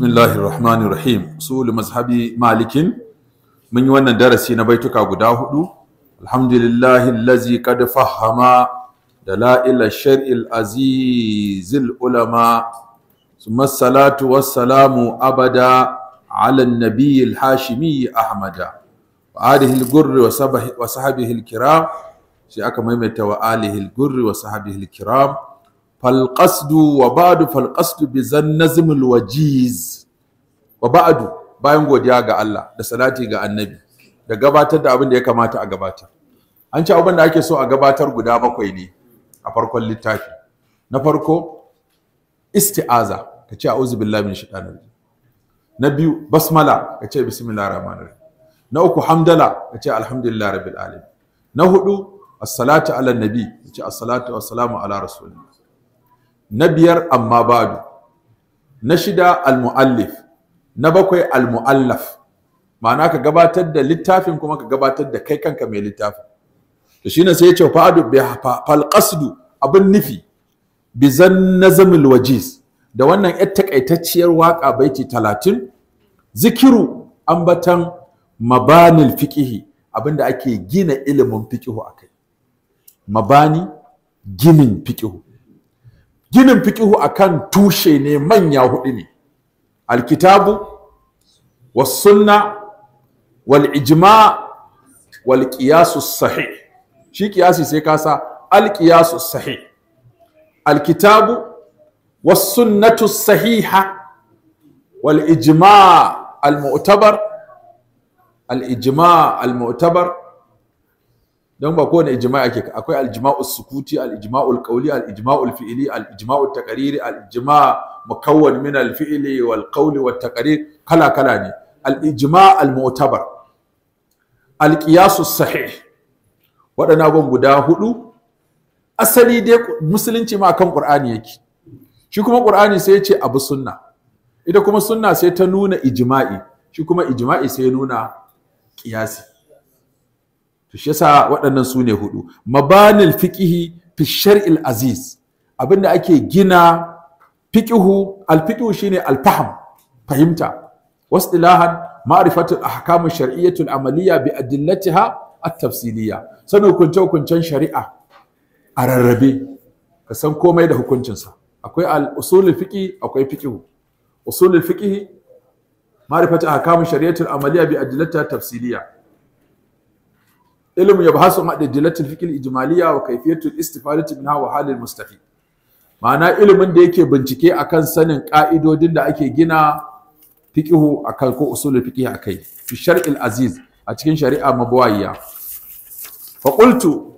bismillahi rahmani rahim mazhabi malikin mun yi wannan darasi na baituka guda hudu alhamdulillahi lazi kad fahama dalail shar'il azizil ulama ثم الصلاة والسلام أبدا على النبي الحاشمي أحمد وآله الجر وصحبه الكرام sai aka maimaita wa alihi gurri wa sahabihi kiram falƙasdu wa ba'adu falƙasdu bi zan nazimul wajiz wa bayan godiya ga Allah da salati ga annabi da gabatar da abin da ya kamata a gabata. an ci abin da ake so a gabatar guda bakwai ne a farkon littafi na farko isti'aza ka ce a'udhu billahi min shaitanir rajim na biyu basmala ka ce bismillahir rahmanir rahim na uku hamdala ka ce alhamdulillahi rabbil alamin na hudu as-salatu ala nabi ka ce as-salatu was-salamu ala rasulillah na biyar amma ba'du na shida almu'allif na bakwai almu'allaf. ma'ana ka gabatar da littafin kuma ka gabatar da kai kanka mai littafin to shine sai ya ce fa'adu bi fal qasdu abin nufi bi zannazamil wajiz da wannan yar takaitacciyar waka baiti 30 zikiru ambatan mabanil fiqihi abinda ake gina ilimin fiqihu akai mabani ginin fiqihu ginin fiqihu akan tushe ne manya hudu ne alkitabu was sunna wal ijma wal qiyasu sahih shi qiyasi sai kasa, sa al qiyasu sahih alkitabu was sunnatu sahiha wal ijma al mu'tabar al ijma al mu'tabar don ba kowane ijma'i ake akwai al sukuti al-ijma'u al-qawli al-ijma'u al-fi'li mukawwan min al-fi'li wal-qawli wat kala kala ne Al'ijima al'motabar, al sahih waɗannan gon guda hudu asali dai musulunci ma kan qur'ani yake shi kuma qur'ani sai ya ce abu sunna ita kuma sunna sai ta nuna ijma'i shi kuma ijma'i sai ya nuna qiyasi to shi yasa waɗannan su ne hudu mabanil fiqihi fi shar'il aziz abinda ake gina fiqihu al fiqihu shine al fahm fahimta wasdilahan ma'rifatu al ahkam al shar'iyyah al amaliyya bi adillatiha at tafsiliyya sanu hukunce hukuncen shari'a a rarrabe ka san komai da hukuncinsa akwai al usulul fiqi akwai fiqihu usulul fiqi ma'rifatu ahkam al shar'iyyah al amaliyya bi adillatiha tafsiliyya ilm yabhasu ma dillatil fikil ijmaliya wa kayfiyatul istifadati minha wa halil mustafi ma'ana ilimin da yake bincike akan sanin ka'idodin da ake gina fiqihu akan ko usulul fiqh akai fi shar'il aziz a cikin shari'a mabawaiya fa qultu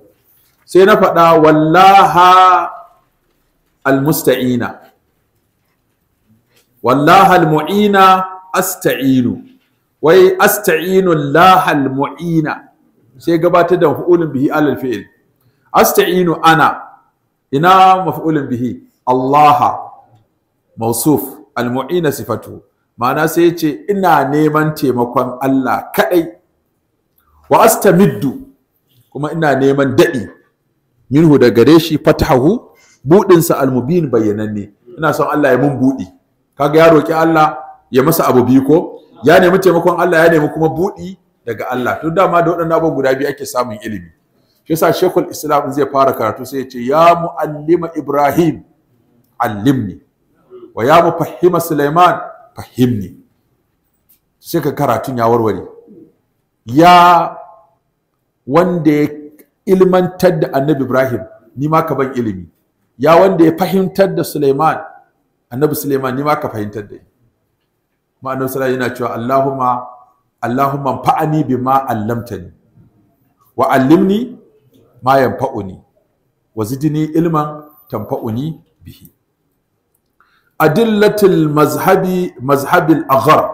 sai na faɗa wallaha musta'ina wallaha mu'ina asta'inu wai asta'inu laha mu'ina sai gabatar da maf'ulun bihi alal fi'il asta'inu ana ina maf'ulun bihi Allah mausuf almu'ina sifatu ma'ana sai yace ina neman taimakon Allah kadai wa astamiddu kuma ina neman dadi minhu da gare shi fatahu sa almubin bayyananne ina son Allah ya mun budi kaga ya roki Allah ya masa abu biyu ko ya nemi taimakon Allah ya nemi kuma budi daga Allah to dama da waɗannan abubuwa guda biyu ake samun ilimi shi yasa shekul islam zai fara karatu sai ya ce ya muallima ibrahim allimni wa ya mufahima sulaiman fahimni sai ka karatun ya warware ya wanda ya ilmantar da annabi ibrahim ni ma ka ban ilimi ya wanda ya fahimtar da Suleiman annabi Suleiman ni ma ka fahimtar da ni ma'anar sura yana cewa Allahumma Allahumma fa'ani bima allamtani wa allimni ma yanfa'uni wa zidni ilman tanfa'uni bihi adillatul mazhabi mazhabil aghar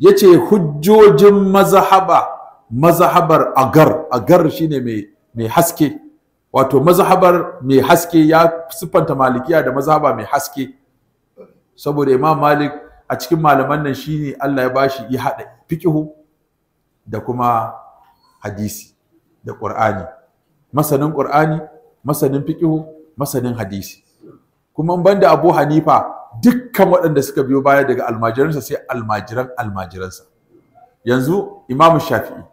yace hujjojin mazhaba mazhabar agar agar shine mai mai haske wato mazhabar mai haske ya sifanta malikiya da mazhaba mai haske saboda imam malik a cikin malaman nan shine Allah ya bashi ya hada Fikihu da kuma hadisi da ƙur'ani masanin ƙur'ani masanin fikihu, masanin hadisi kuma banda abu hanifa dukkan waɗanda suka biyo baya daga almajiransa sai almajiran almajiransa yanzu imam shafi'i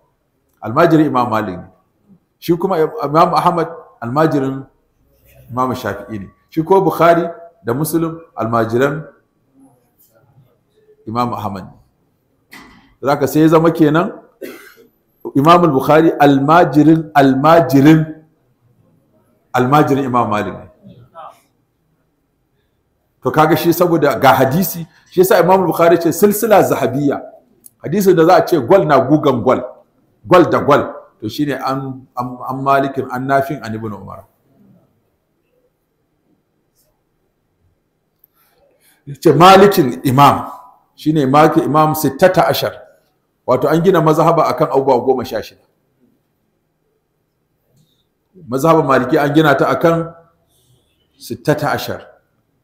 almajirin imam malik ne shi kuma imam ahmad almajirin imam shafi'i ne shi ko bukhari da muslim almajiran imam ahmad ne zaka sai zama kenan imam al-bukhari almajirin almajirin almajirin imam malik to kaga shi saboda ga hadisi shi yasa imam al-bukhari ce silsila zahabiyya hadisi da za a ce gwal na gugan gwal gwal da gwal to shine an an malikin an nafin an ibn umar yace malikin imam shine malikin imam 16 wato an gina mazhaba akan abubuwa goma sha shida mazhaba maliki an gina ta akan sittata ashar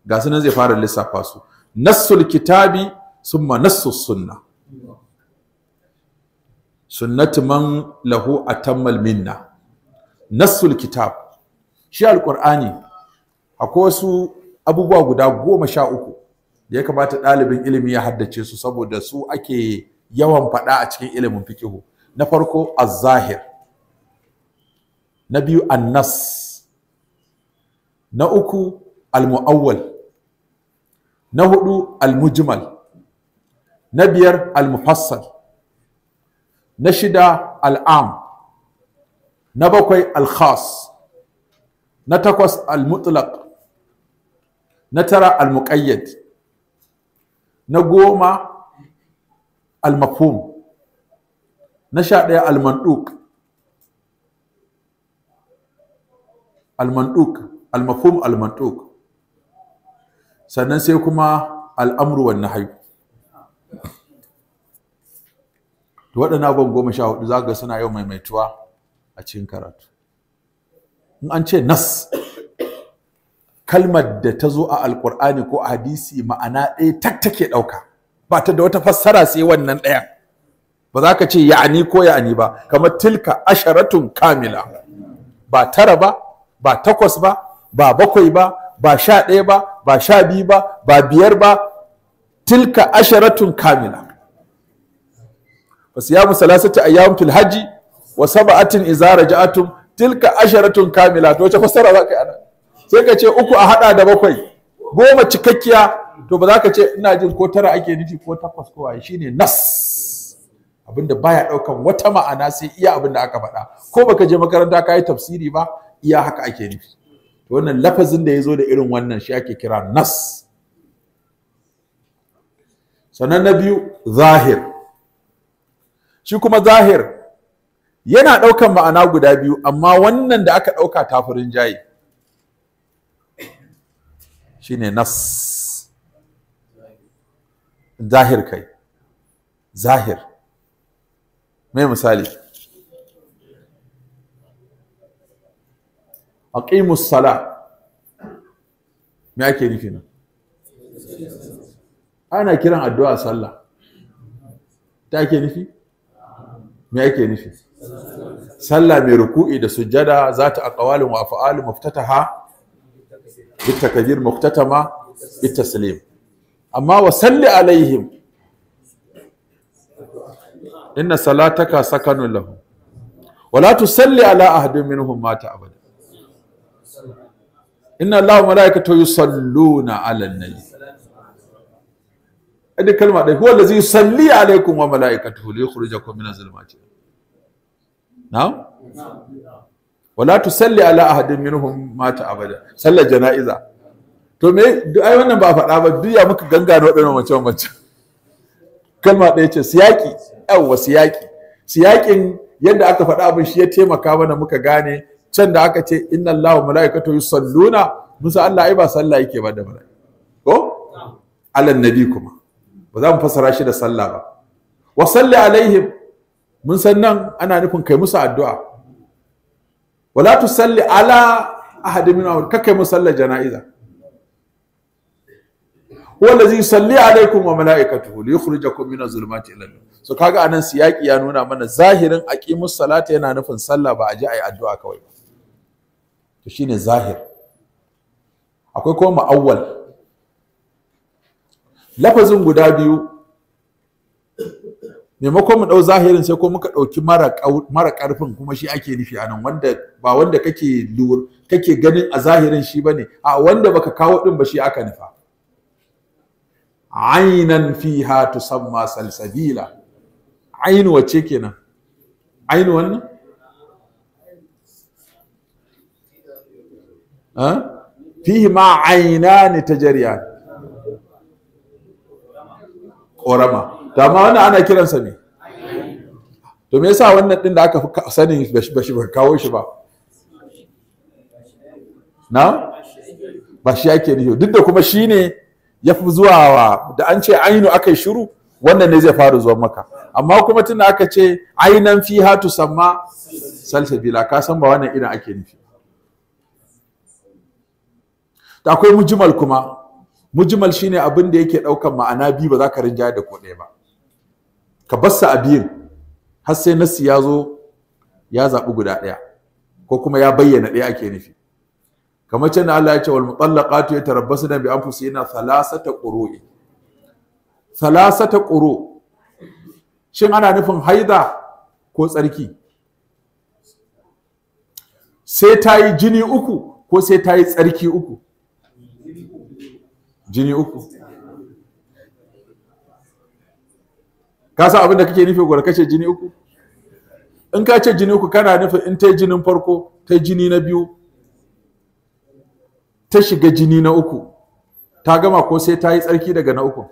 ga su nan zai fara lissafa su nassul kitabi summa nassus sunna sunnatu man lahu atammal minna nassul kitab shi alqur'ani akwai wasu abubuwa guda goma sha uku da ya kamata ɗalibin ilimi ya haddace su saboda su ake yawan faɗa a cikin ilimin fikihu na farko az-zahir na biyu annas. na uku al-mu'awwal na hudu al-mujmal na biyar al-mufassal na shida al-am na bakwai al-khas na takwas al-mutlaq na tara al-muqayyad na goma المفهوم na sha ɗaya al-manduk al-manduk sannan sai kuma al'amru wa nahyu to waɗannan goma sha hudu za ga suna yau maimaituwa a cikin karatu in an ce nas kalmar da ta zo a alkur'ani ko a hadisi ma'ana ɗaya tak take ɗauka ba ta da wata fassara sai wannan ɗayan ba za ka ce ya'ani ko ya'ani ba kamar tilka asharatun kamila ba tara ba ba takwas ba ba bakwai ba ba sha ɗaya ba ba sha biyu ba ba biyar ba tilka asharatun kamila wasu ya musalasata ayyamin fil hajji wa saba'atin idza raja'atum tilka asharatun kamila to wace fassara za ka yi sai ka ce uku a hada da bakwai goma cikakkiya to ba za ka ce ina jin ko tara ake nufi ko takwas ko waye shine nas abinda baya daukan wata ma'ana sai iya abinda aka faɗa ko baka je makaranta ka yi tafsiri ba iya haka ake nufi to wannan lafazin da ya zo da irin wannan shi ake kira nas sannan na biyu zahir shi kuma zahir yana ɗaukan ma'ana guda biyu amma wannan da aka ɗauka tafurin jaye shine nas zahir kai zahir mai misali aqimus sala me ake nufi nan ana kiran addu'a sallah ta ake nufi me ake nufi sallah mai ruku'i da sujjada za ta aqwalin wa af'alin muftataha bitakbir muktatama bitaslim amma wa salli alaihim inna salataka sakanun lahum wala tusalli ala ahadin minhum mata abada inna allaha malaikatahu yusalluna ala nabi adi kalma dai huwa allazi yusalli alaikum wa malaikatuhu liyukhrijakum min az-zulumati na'am wala tusalli ala ahadin minhum mata abada jana'iza to me ai wannan ba a faɗa ba duk ya muka ganga da waɗannan mace mace kalma ɗaya ce siyaki yawwa siyaki siyakin yadda aka faɗa abin shi ya taimaka mana muka gane can da aka ce inna Allah wa mala'ikatu yusalluna musa Allah ai ba sallah yake ba da mala'ika ko alan nabi kuma ba za mu fassara shi da sallah ba wa salli alaihim mun san nan ana nufin kai musu addu'a wala tusalli ala ahadin min kai musu sallar jana'iza huwa allazi yusalli alaikum wa malaikatuhu li yukhrijakum min az-zulumati ila nur so kaga anan siyaki ya nuna mana zahirin aqimus salata yana nufin sallah ba a ji ai addu'a kawai to shine zahir akwai kuma ma'awwal lafazin guda biyu maimakon mu ɗau zahirin sai ko muka ɗauki mara karfin kuma shi ake nufi anan, wanda ba wanda kake kake ganin a zahirin shi ba a wanda baka kawo ɗin ba shi aka nufa ainan fiha tusamma salsabila ainu wace kenan ainu wannan fihi ma ainani tajariyan korama to amma wannan ana kiransa ne to me yasa wannan din da aka sanin bashi ba kawo shi ba na ba shi ake nufi duk da kuma shi ne ya fi zuwa wa da an ce ainu aka yi shiru wannan ne zai fara zuwa maka amma kuma tunda aka ce ainan fi hatu samma salsabila ka san ba wannan irin ake nufi ta akwai mujimal kuma mujimal shine abin da yake daukan ma'ana biyu ba za ka rinja da ko ɗaya ba ka bassa a biyun har sai nasi ya zo ya zaɓi guda ɗaya ko kuma ya bayyana ɗaya ake nufi kamar can Allah ya ce wal mutallaqatu yatarabbasuna bi anfusihinna thalathata qurui thalathata quru shin ana nufin haida ko tsarki sai ta yi jini uku ko sai ta yi tsarki uku jini uku ka san abin da kake nufi gwar kace jini uku in ka ce jini uku kana nufin in ta yi jinin farko ta jini na biyu ta shiga jini na uku ta gama ko sai ta yi tsarki daga na uku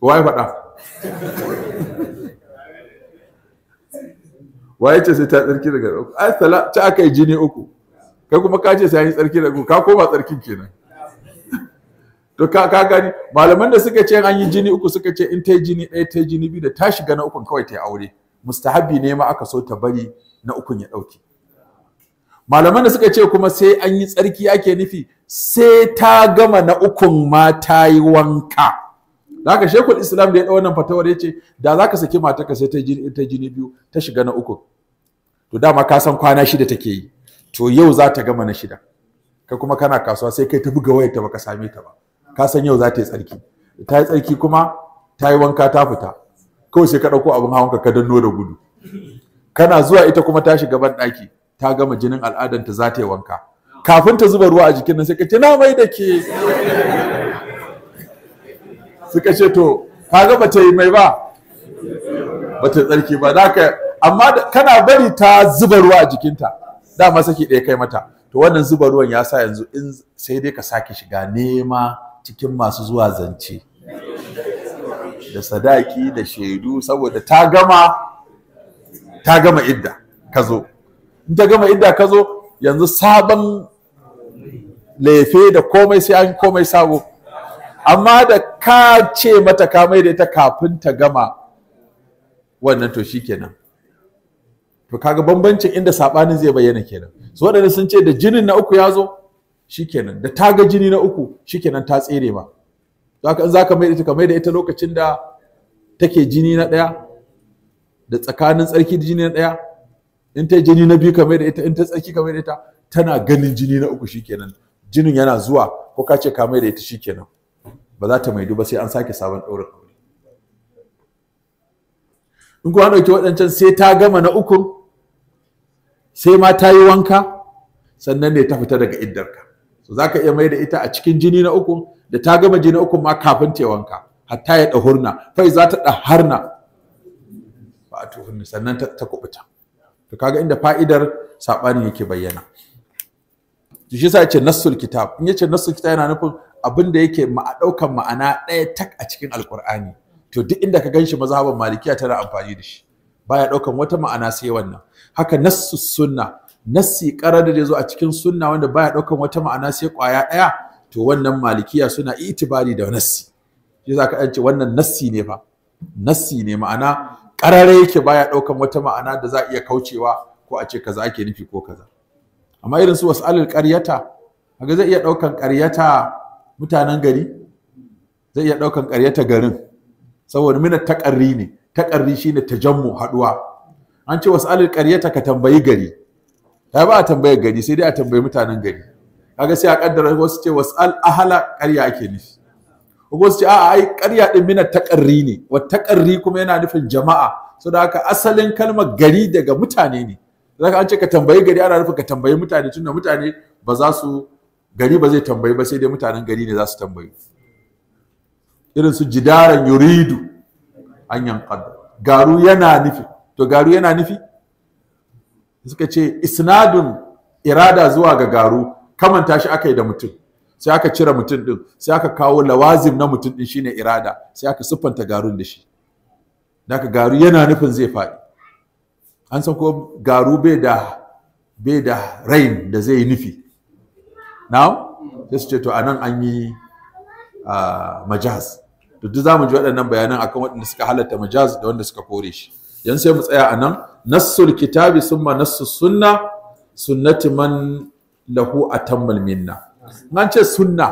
waye faɗa waye ce sai ta yi tsarki daga na uku ai sala ta aka yi jini uku kai kuma ka ce sai yi tsarki daga uku ka koma tsarkin kenan to ka ka gani malaman da suka ce an yi jini uku suka ce in ta yi jini ɗaya ta yi jini biyu da ta shiga na ukun kawai ta yi aure mustahabi ne ma aka so ta bari na ukun ya ɗauki? malaman da suka ce kuma sai an yi tsarki ake nufi sai ta gama na ukun ma ta yi wanka zaka shekul islam da ya ɗau wannan fatawar ya da zaka ka saki matarka sai ta jini biyu ta shiga na ukun to dama ka san kwana shida take yi to yau za ta gama na shida ka kuma kana kasuwa sai kai ta buga wayar ta baka same ta ba ka san yau za ta yi tsarki ta yi tsarki kuma ta yi wanka ta fita kawai sai ka ɗauko abin hawanka ka danno da gudu kana zuwa ita kuma ta shiga ban daki ta gama jinin al'adarta za ta yi wanka kafin ta zuba ruwa a jikin nan sai ka ce na mai da ke suka ce to ka ba ta yi mai ba ba tsarki ba da amma kana bari ta zuba ruwa a jikinta dama saki ɗaya kai mata to wannan zuba ruwan ya sa yanzu in sai dai ka sake shiga nema cikin masu zuwa zance da sadaki da shaidu saboda ta gama ta gama idda ka zo in ta gama inda ka zo yanzu sabon lefe da komai sai an komai sabo amma da ka ce mata ka mai da ita kafin ta gama wannan to shikenan to kaga bambancin inda sabanin zai bayyana kenan su waɗanda sun ce da jinin na uku ya zo shikenan da ta ga jini na uku shikenan ta tsere ma zaka in zaka mai da ita mai da ita lokacin da take jini na ɗaya da tsakanin tsarki da jini na ɗaya in ta jini na biyu kamar da ita in ta tsaki kamar da ita tana ganin jini na uku shikenan jinin yana zuwa ko ka ce kamar da ita shikenan ba za ta maidu ba sai an sake sabon ɗaurin aure in kuma ɗauki waɗancan sai ta gama na uku sai ma ta yi wanka sannan ne ta fita daga iddarka so za ka iya mai da ita a cikin jini na ukun da ta gama jini na ukun ma kafin ta yi wanka hatta ya ɗahurna fai za ta ɗaharna ba a tuhurni sannan ta kubuta to kaga inda fa'idar sabanin yake bayyana shi yasa yace nassul kitab in yace nassul kitab yana nufin abin da yake ma daukan ma'ana ɗaya tak a cikin alqur'ani to duk inda ka ganshi mazhaban malikiya tana amfani da shi baya daukan wata ma'ana sai wannan haka nassus sunna nassi qarar da zo a cikin sunna wanda baya daukan wata ma'ana sai kwaya ɗaya to wannan malikiya suna itibari da nassi shi yasa ka ce wannan nassi ne fa nassi ne ma'ana ƙarare yake baya ɗaukan wata ma'ana da za a iya kaucewa ko a ce kaza ake nufi ko kaza amma irin su wasalul qaryata kaga zai iya ɗaukan ƙaryata mutanen gari zai iya ɗaukan ƙaryata garin saboda mina taƙarri ne taƙarri shine tajammu haɗuwa an ce wasalul qaryata ka tambayi gari ta ba a tambayar gari sai dai a tambayi mutanen gari kaga sai a kaddara wasu ce wasal ahala ƙarya ake nufi kuma su ce a'a ai ƙarya din mina taƙarri ne wa taƙarri kuma yana nufin jama'a so da haka asalin kalmar gari daga mutane ne ka an ce ka tambayi gari ana nufin ka tambayi mutane tunda mutane ba za su gari ba zai tambayi ba sai dai mutanen gari ne za su tambayi irin su jidaran yuridu an yanqad garu yana nufi to garu yana nufi suka ce isnadun irada zuwa ga garu kamanta shi aka yi da mutum sai aka cire mutum din sai aka kawo lawazim na mutum din shine irada sai aka siffanta garun da shi daga garu yana nufin zai faɗi an san ko garu bai da bai da rain da zai yi nufi now sai su ce to anan an yi majaz to duk zamu ji waɗannan bayanan akan waɗanda suka halatta majaz da wanda suka kore shi Yanzu sai mu tsaya anan nassul kitabi summa nassus sunna sunnati man lahu atammal minna nan ce sunna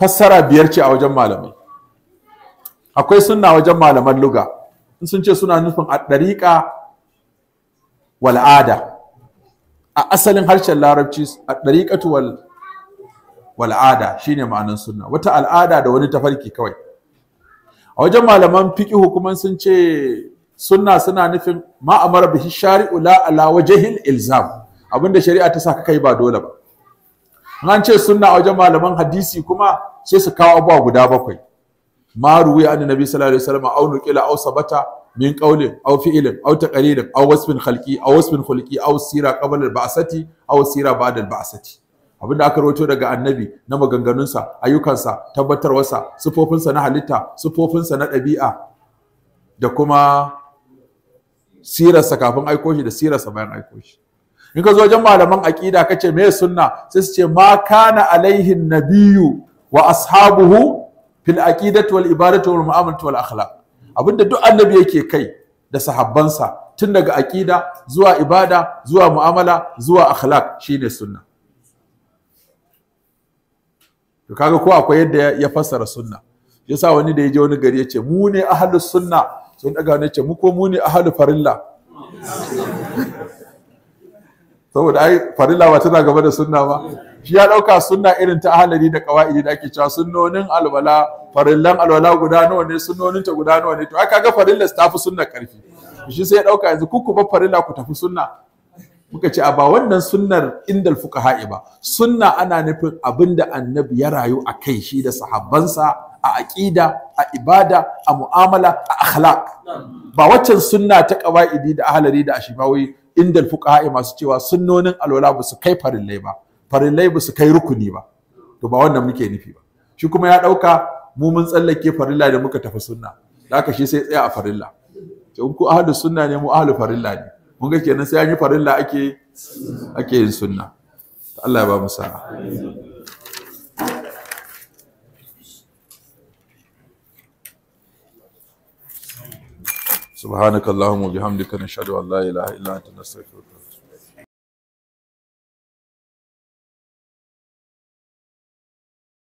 fassara biyar ce a wajen malamai akwai sunna wajen malaman luga in sun ce suna nufin a ɗariƙa wal'ada a asalin harshen larabci a ɗariƙatu wal'ada shine ma'anin sunna wata al'ada da wani tafarki kawai a wajen malaman fiƙi hukuman sun ce sunna suna nufin ma'amalar amara bihi shari'u la ala wajhil ilzam abinda shari'a ta sa kai ba dole ba an ce sunna a wajen malaman hadisi kuma sai su kawo abuwa guda bakwai ma ruwi an nabi sallallahu alaihi wasallam au nuqila au sabata min qawlin au fi'lin au taqririn au wasfin khalqi au wasfin khulqi au sira qabla al-ba'sati au sira ba'da al-ba'sati abinda aka rawaito daga annabi na maganganunsa ayyukansa tabbatarwarsa sufofinsa na halitta sufofinsa na ɗabi'a da kuma sirarsa kafin aiko shi da sirarsa bayan aiko shi in ka zo wajen malaman aqida ka ce me sunna sai su ce ma kana alaihi nabiyyu wa ashabuhu fil aqidati wal ibadati wal mu'amalati wal akhlaq abinda duk annabi yake kai da sahabbansa tun daga aƙida, zuwa ibada zuwa mu'amala zuwa akhlaq shine sunna to kaga ko akwai yadda ya fassara sunna yasa wani da ya je wani gari ya ce mu ne ahlus sunna sai daga wani ce mu ko mu ne ahlul farilla saboda ai farilla ba tana gaba da sunna ba shi ya dauka sunna irin ta ahalari da qawaidi da ake cewa sunnonin alwala farillan alwala guda nawa ne sunnonin ta guda nawa ne to aka ga farilla ta fi sunna karfi shi sai ya dauka yanzu ku ba farilla ku tafi sunna muka ce a ba wannan sunnar indal fuqaha'i ba sunna ana nufin abinda annabi ya rayu a kai shi da sahabbansa a aqida a ibada a mu'amala a akhlaq ba waccan sunna ta qawaidi da ahalari da ashibawi inda fuqaha'i masu cewa sunnonin alwala ba su kai farillai ba farillai ba su kai rukuni ba to ba wannan muke nufi ba shi kuma ya dauka mu mun tsallake farilla da muka tafi sunna haka shi sai tsaya a farilla to ku ahlu sunna ne mu ahlu farilla ne mun ga kenan sai an yi farilla ake ake yin sunna Allah ya ba mu sa'a subhanakallahumma bihamdika nashhadu an la ilaha illa anta nastaghfiruka